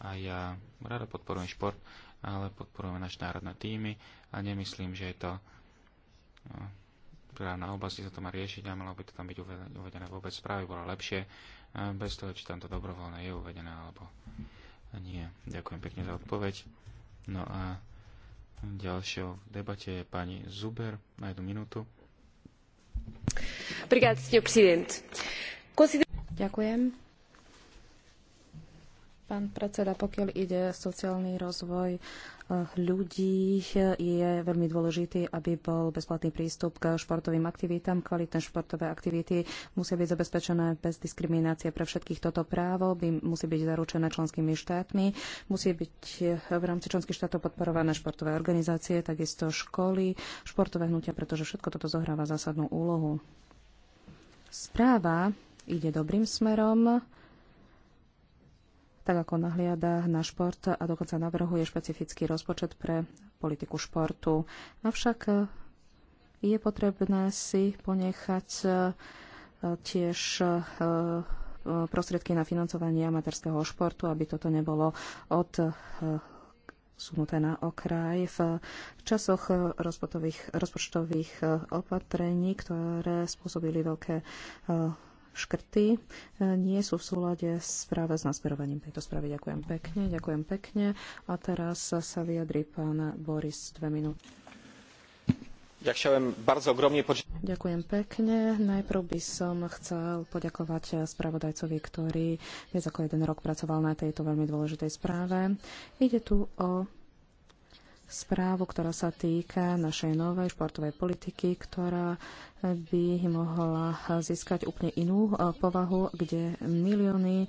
a ja rada podporujem šport, ale podporujeme naše národné týmy a nemyslím, že je to eh, právna oblasti sa to má riešiť a malo by to tam byť uvedené vôbec správy, bolo lepšie eh, bez toho, či tam to dobrovoľné je uvedené alebo nie. Ďakujem pekne za odpoveď. No a ďalšou v debate je pani Zuber na jednu minútu. Ďakujem. Pán predseda, pokiaľ ide sociálny rozvoj eh, ľudí, je veľmi dôležitý, aby bol bezplatný prístup k športovým aktivitám. Kvalitné športové aktivity musia byť zabezpečené bez diskriminácie pre všetkých. Toto právo by musí byť zaručené členskými štátmi. Musí byť eh, v rámci členských štátov podporované športové organizácie, takisto školy, športové hnutia, pretože všetko toto zohráva zásadnú úlohu. Správa ide dobrým smerom tak ako nahliada na šport a dokonca navrhuje špecifický rozpočet pre politiku športu. Avšak eh, je potrebné si ponechať eh, tiež eh, prostriedky na financovanie amatérskeho športu, aby toto nebolo od sunuté na okraj v časoch rozpočtových, rozpočtových opatrení, ktoré spôsobili veľké škrty e, nie sú v súlade s práve s nasmerovaním tejto správy. Ďakujem pekne, ďakujem pekne. A teraz sa vyjadri pán Boris dve minúty. Ja chciałem bardzo ogromnie Ďakujem pekne. Najprv by som chcel poďakovať spravodajcovi, ktorý viac ako jeden rok pracoval na tejto veľmi dôležitej správe. Ide tu o správu, ktorá sa týka našej novej športovej politiky, ktorá by mohla získať úplne inú e, povahu, kde milióny e,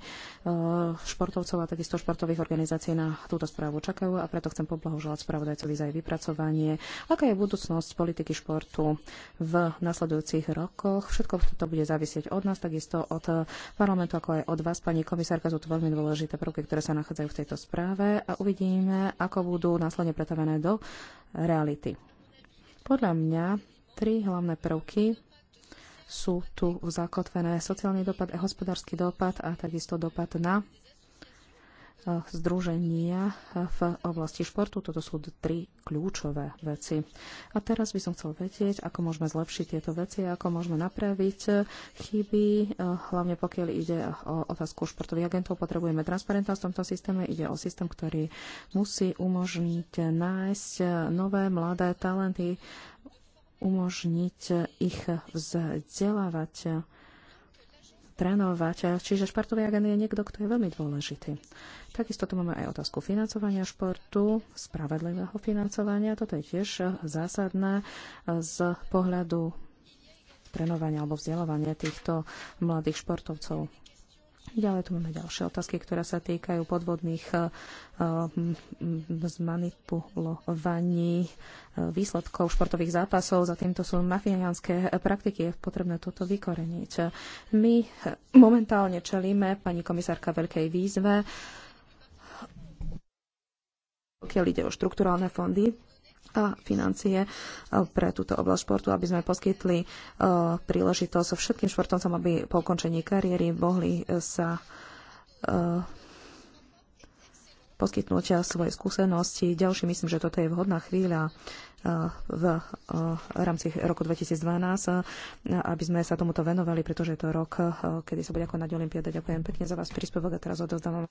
športovcov a takisto športových organizácií na túto správu čakajú a preto chcem poblahoželať spravodajcovi za jej vypracovanie. Aká je budúcnosť politiky športu v nasledujúcich rokoch? Všetko to bude závisieť od nás, takisto od parlamentu, ako aj od vás, pani komisárka. Sú to veľmi dôležité prvky, ktoré sa nachádzajú v tejto správe a uvidíme, ako budú následne pretavené do reality. Podľa mňa Tri hlavné prvky sú tu zakotvené sociálny dopad, hospodársky dopad a takisto dopad na eh, združenia eh, v oblasti športu. Toto sú tri kľúčové veci. A teraz by som chcel vedieť, ako môžeme zlepšiť tieto veci, ako môžeme napraviť eh, chyby, hlavne pokiaľ ide o otázku športových agentov. Potrebujeme transparentnosť v tomto systéme. Ide o systém, ktorý musí umožniť nájsť nové mladé talenty umožniť ich vzdelávať, trénovať. Čiže športový agent je niekto, kto je veľmi dôležitý. Takisto tu máme aj otázku financovania športu, spravedlivého financovania. Toto je tiež zásadné z pohľadu trénovania alebo vzdelávania týchto mladých športovcov. Ďalej tu máme ďalšie otázky, ktoré sa týkajú podvodných eh, mm, mm, zmanipulovaní eh, výsledkov športových zápasov. Za týmto sú mafiánske praktiky. Je potrebné toto vykoreniť. My eh, momentálne čelíme, pani komisárka, veľkej výzve, pokiaľ ide o štrukturálne fondy a financie e, pre túto oblasť športu, aby sme poskytli e, príležitosť všetkým športovcom, aby po ukončení kariéry mohli e, sa poskytnúť svoje skúsenosti. Ďalší, myslím, že toto je vhodná chvíľa v rámci roku 2012, aby sme sa tomuto venovali, pretože je to rok, kedy sa bude konať Olimpiada. Ďakujem pekne za vás príspevok a teraz odozdávam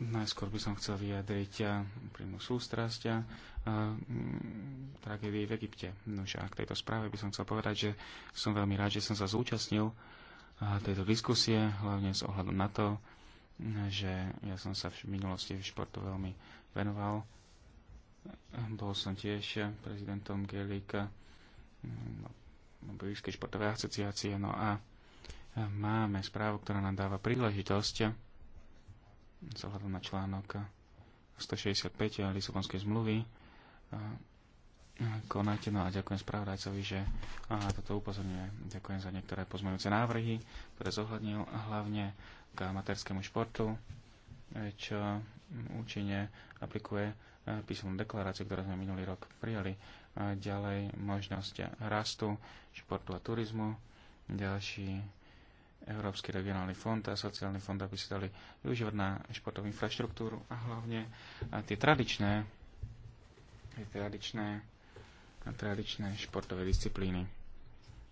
Najskôr by som chcel vyjadriť eh, príjmu sústrasť eh, mm, tragédii v Egypte. No a k tejto správe by som chcel povedať, že som veľmi rád, že som sa zúčastnil eh, tejto diskusie, hlavne s ohľadom na to, že ja som sa v minulosti v športu veľmi venoval. Bol som tiež prezidentom Gelika no, blízkej športovej asociácie. No a máme správu, ktorá nám dáva príležitosť zohľadom na článok 165 Lisabonskej zmluvy konajte. No a ďakujem spravodajcovi, že a toto upozorňuje. Ďakujem za niektoré pozmeňujúce návrhy, ktoré zohľadnil hlavne k amatérskému športu, čo účinne aplikuje písomnú deklaráciu, ktorú sme minulý rok prijali. ďalej možnosť rastu športu a turizmu. Ďalší Európsky regionálny fond a sociálny fond, aby sa dali využívať na športovú infraštruktúru a hlavne tie tradičné, tie tradičné, tradičné športové disciplíny.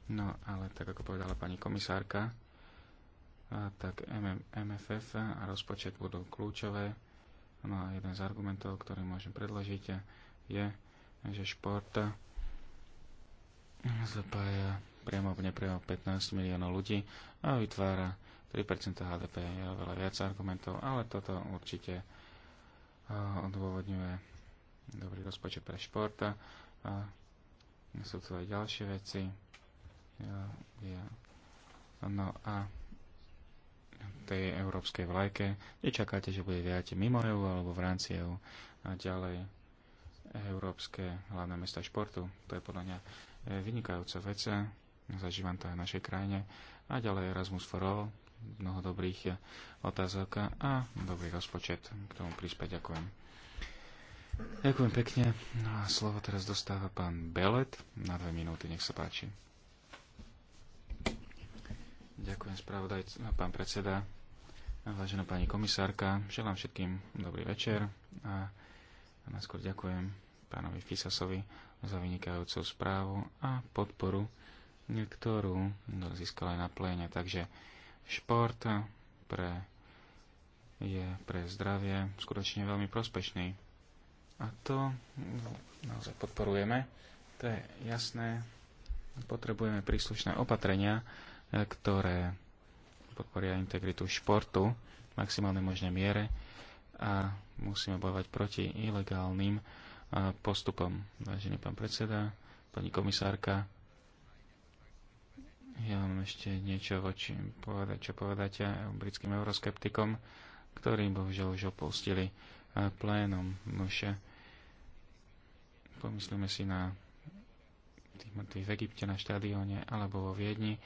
No ale tak ako povedala pani komisárka, tak MFF a rozpočet budú kľúčové. No a jeden z argumentov, ktorý môžem predložiť, je, že šport zapája priamo alebo nepriamo 15 miliónov ľudí a vytvára 3% HDP. Je oveľa viac argumentov, ale toto určite odôvodňuje dobrý rozpočet pre šport. A sú tu aj ďalšie veci. Ja, ja. No a tej európskej vlajke, kde čakáte, že bude viac mimo EU alebo v rámci EU a ďalej európske hlavné mesta športu. To je podľa mňa e, vynikajúca vec. Zažívam to aj v našej krajine. A ďalej Erasmus for All, mnoho dobrých otázok a dobrý rozpočet k tomu prispäť. Ďakujem. Ďakujem pekne. No a slovo teraz dostáva pán Belet na dve minúty, nech sa páči. Ďakujem spravodajc, no, pán predseda, vážená pani komisárka, želám všetkým dobrý večer a najskôr ďakujem pánovi Fisasovi za vynikajúcu správu a podporu ktorú získala aj na pléne. Takže šport pre, je pre zdravie skutočne veľmi prospešný. A to naozaj podporujeme. To je jasné. Potrebujeme príslušné opatrenia, ktoré podporia integritu športu v maximálnej možnej miere a musíme bojovať proti ilegálnym postupom. Vážený pán predseda, pani komisárka, ja mám ešte niečo voči povedať, čo povedať britským euroskeptikom, ktorí bohužiaľ už opustili eh, plénom muše, pomyslíme si na tých mŕtvych v Egypte na štadióne alebo vo Viedni, eh,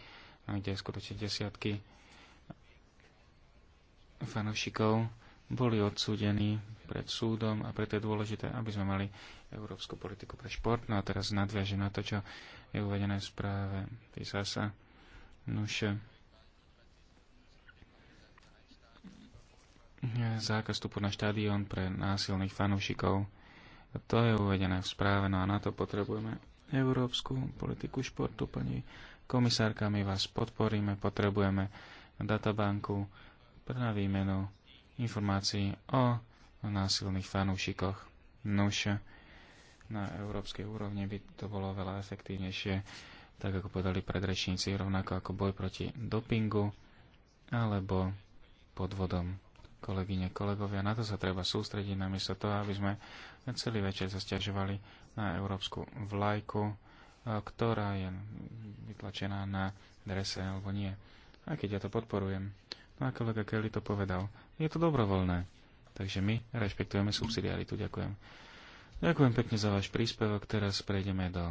kde skutočne desiatky fanúšikov boli odsúdení pred súdom a preto je dôležité, aby sme mali európsku politiku pre šport. No a teraz nadviažem na to, čo je uvedené v správe Pisasa. Nuž, eh, zákaz vstupu na štadión pre násilných fanúšikov. To je uvedené v správe, no a na to potrebujeme európsku politiku športu. Pani komisárka, my vás podporíme, potrebujeme databanku pre na výmenu informácií o násilných fanúšikoch. Nuž, na európskej úrovni by to bolo veľa efektívnejšie tak ako povedali predrečníci, rovnako ako boj proti dopingu alebo podvodom. Kolegyne, kolegovia, na to sa treba sústrediť, namiesto toho, aby sme celý večer zasťažovali stiažovali na európsku vlajku, e, ktorá je vytlačená na drese alebo nie. A keď ja to podporujem. No a kolega Kelly to povedal. Je to dobrovoľné. Takže my rešpektujeme subsidiaritu. Ďakujem. Ďakujem pekne za váš príspevok. Teraz prejdeme do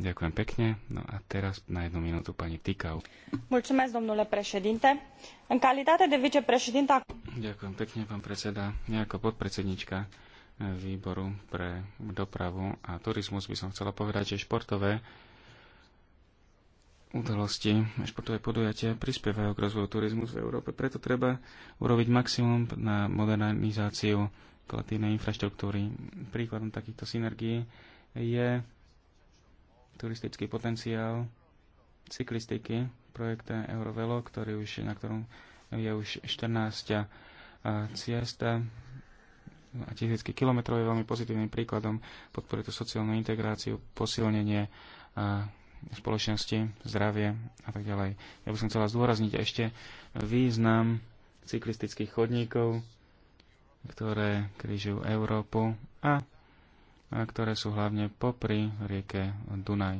Ďakujem pekne. No a teraz na jednu minútu pani Tikau. Mulțumesc, domnule președinte. În calitate de vicepreședinta... Ďakujem pekne, pán predseda. Ja ako podpredsednička výboru pre dopravu a turizmus by som chcela povedať, že športové udalosti, športové podujatia prispievajú k rozvoju turizmu v Európe. Preto treba urobiť maximum na modernizáciu kolektívnej infraštruktúry. Príkladom takýchto synergií je turistický potenciál cyklistiky, projekt Eurovelo, ktorý už, na ktorom je už 14 ciest a tisícky kilometrov je veľmi pozitívnym príkladom. Podporuje tú sociálnu integráciu, posilnenie spoločnosti, zdravie a tak ďalej. Ja by som chcela zdôrazniť ešte význam cyklistických chodníkov, ktoré krížujú Európu a ktoré sú hlavne popri rieke Dunaj.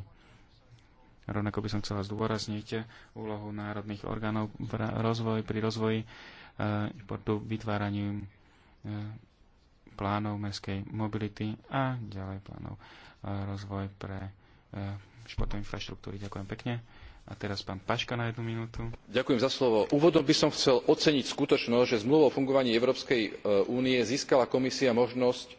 Rovnako by som chcela zdôrazniť úlohu národných orgánov rozvoj, pri rozvoji športu e, vytváraním e, plánov mestskej mobility a ďalej plánov e, rozvoj pre športovej infraštruktúry. Ďakujem pekne. A teraz pán Paška na jednu minútu. Ďakujem za slovo. Úvodom by som chcel oceniť skutočnosť, že zmluvou o fungovaní Európskej únie získala komisia možnosť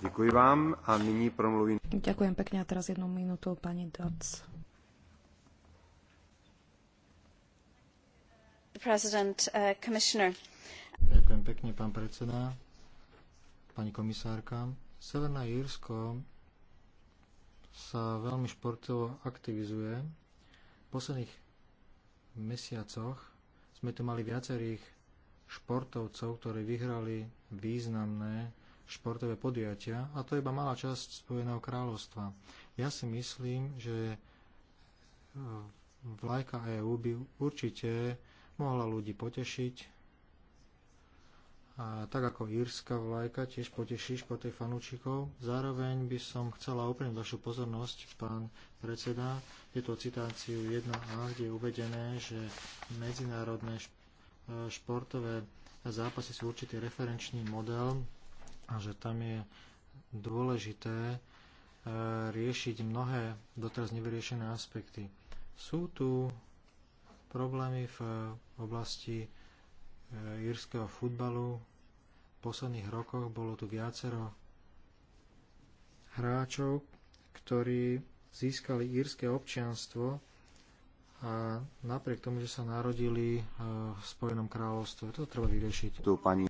Ďakujem vám a nyní promluvím. Ďakujem pekne a teraz jednu minútu pani Doc. President, uh, Commissioner. Ďakujem pekne, pán predseda, pani komisárka. Severná Jírsko sa veľmi športovo aktivizuje. V posledných mesiacoch sme tu mali viacerých športovcov, ktorí vyhrali významné športové podujatia a to je iba malá časť Spojeného kráľovstva. Ja si myslím, že e, vlajka EÚ by určite mohla ľudí potešiť. A tak ako írska vlajka tiež poteší tej fanúčikov. Zároveň by som chcela upriamiť vašu pozornosť, pán predseda, je to citáciu 1a, kde je uvedené, že medzinárodné e, športové zápasy sú určitý referenčný model a že tam je dôležité e, riešiť mnohé doteraz nevyriešené aspekty. Sú tu problémy v oblasti e, írskeho futbalu. V posledných rokoch bolo tu viacero hráčov, ktorí získali írske občianstvo a napriek tomu, že sa narodili e, v Spojenom kráľovstve. To treba vyriešiť. Tu pani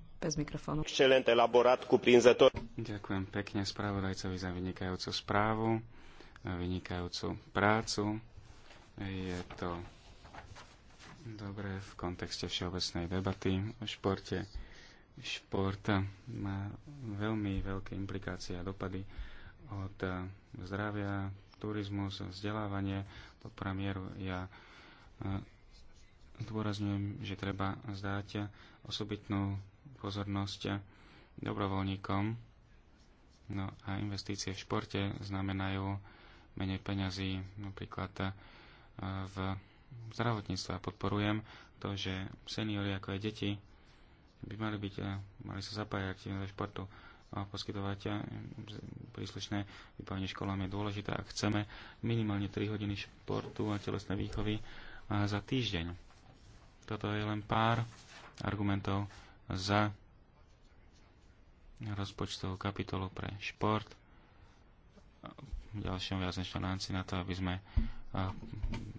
bez mikrofónu. Excelent elaborat cuprinzător. Ďakujem pekne spravodajcovi za vynikajúcu správu, vynikajúcu prácu. Je to dobré v kontexte všeobecnej debaty o športe. Šport má veľmi veľké implikácie a dopady od zdravia, turizmus, vzdelávanie, podpora mieru. Ja e, zdôrazňujem, že treba zdáť osobitnú pozornosť dobrovoľníkom. No a investície v športe znamenajú menej peňazí napríklad eh, v zdravotníctve. Podporujem to, že seniori ako aj deti by mali, byť, eh, mali sa zapájať do športu a poskytovať eh, príslušné vybavenie školám je dôležité, ak chceme minimálne 3 hodiny športu a telesnej výchovy za týždeň. Toto je len pár argumentov, za rozpočtovú kapitolu pre šport v ďalšom viac rámci na to, aby sme eh,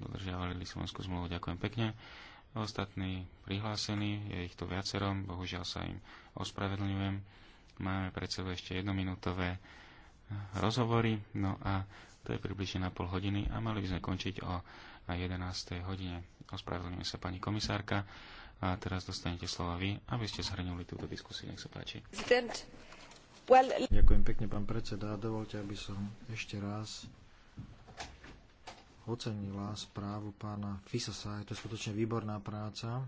dodržiavali Lisabonskú zmluvu. Ďakujem pekne. Ostatní prihlásení, je ich tu viacerom, bohužiaľ sa im ospravedlňujem. Máme pred sebou ešte jednominútové eh, rozhovory, no a to je približne na pol hodiny a mali by sme končiť o 11. Eh, hodine. Ospravedlňujem sa pani komisárka. A teraz dostanete slova vy, aby ste zhrnuli túto diskusiu. Nech sa páči. Ďakujem pekne, pán predseda. Dovolte, aby som ešte raz ocenila správu pána Fisasa. Je to skutočne výborná práca.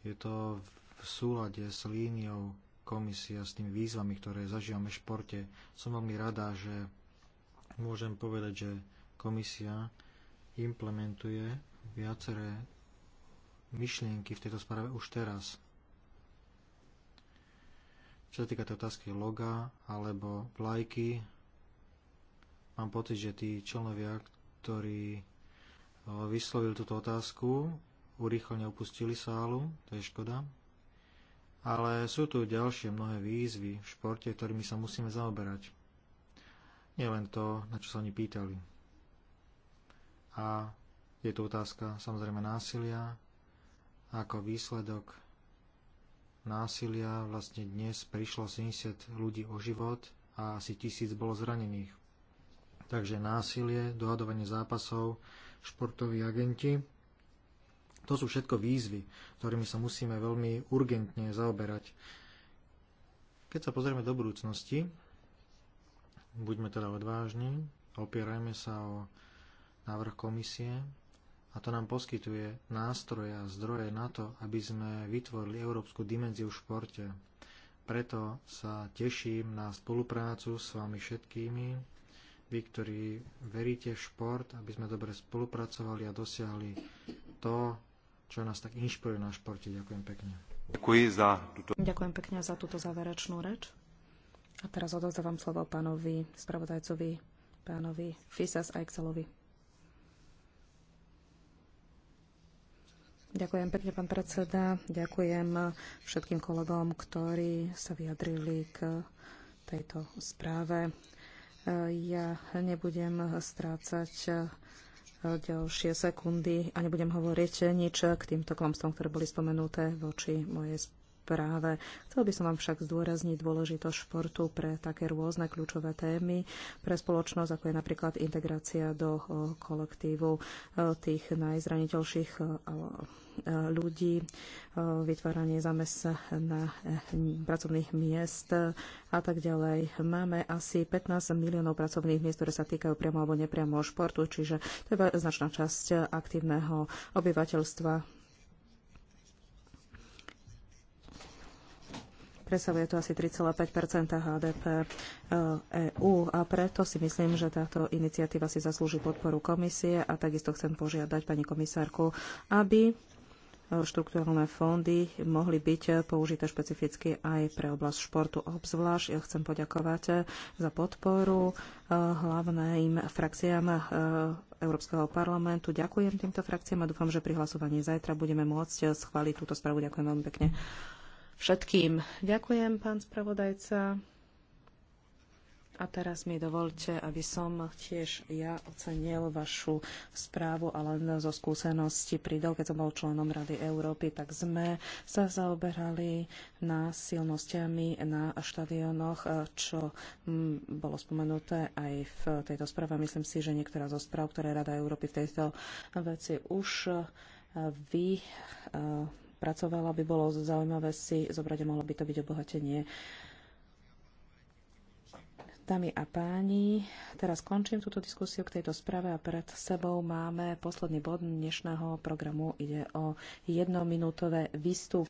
Je to v súlade s líniou komisia, s tými výzvami, ktoré zažívame v športe. Som veľmi rada, že môžem povedať, že komisia implementuje viaceré myšlienky v tejto správe už teraz. Čo sa týka tej otázky loga alebo vlajky, mám pocit, že tí členovia, ktorí vyslovili túto otázku, urýchlene opustili sálu, to je škoda. Ale sú tu ďalšie mnohé výzvy v športe, ktorými sa musíme zaoberať. Nie len to, na čo sa oni pýtali. A je tu otázka samozrejme násilia, ako výsledok násilia vlastne dnes prišlo 70 ľudí o život a asi tisíc bolo zranených. Takže násilie, dohadovanie zápasov, športoví agenti, to sú všetko výzvy, ktorými sa musíme veľmi urgentne zaoberať. Keď sa pozrieme do budúcnosti, buďme teda odvážni, opierajme sa o návrh komisie, a to nám poskytuje nástroje a zdroje na to, aby sme vytvorili európsku dimenziu v športe. Preto sa teším na spoluprácu s vami všetkými, vy, ktorí veríte v šport, aby sme dobre spolupracovali a dosiahli to, čo nás tak inšpiruje na športe. Ďakujem pekne. Ďakujem, za túto... Ďakujem pekne za túto záverečnú reč. A teraz odozdávam slovo pánovi spravodajcovi, pánovi Fisas a Excelovi. Ďakujem pekne, pán predseda. Ďakujem všetkým kolegom, ktorí sa vyjadrili k tejto správe. Ja nebudem strácať ďalšie sekundy a nebudem hovoriť nič k týmto klamstvom, ktoré boli spomenuté voči mojej práve. Chcel by som vám však zdôrazniť dôležitosť športu pre také rôzne kľúčové témy pre spoločnosť, ako je napríklad integrácia do kolektívu tých najzraniteľších ľudí, vytváranie zamestna na eh, pracovných miest a tak ďalej. Máme asi 15 miliónov pracovných miest, ktoré sa týkajú priamo alebo nepriamo športu, čiže to je značná časť aktívneho obyvateľstva predstavuje to asi 3,5 HDP EÚ a preto si myslím, že táto iniciatíva si zaslúži podporu komisie a takisto chcem požiadať pani komisárku, aby eh, štruktúrne fondy mohli byť eh, použité špecificky aj pre oblasť športu. Obzvlášť ja chcem poďakovať eh, za podporu hlavným frakciám Európskeho parlamentu. Ďakujem týmto frakciám a dúfam, že pri hlasovaní zajtra budeme môcť schváliť túto správu. Ďakujem veľmi pekne všetkým. Ďakujem, pán spravodajca. A teraz mi dovolte, aby som tiež ja ocenil vašu správu, ale len zo skúsenosti pridal, keď som bol členom Rady Európy, tak sme sa zaoberali násilnosťami na štadionoch, čo mm, bolo spomenuté aj v tejto správe. Myslím si, že niektorá zo správ, ktoré Rada Európy v tejto veci už eh, vy eh, pracovala, by bolo zaujímavé si zobrať a mohlo by to byť obohatenie. Dámy a páni, teraz končím túto diskusiu k tejto správe a pred sebou máme posledný bod dnešného programu. Ide o jednominútové vystúpenie.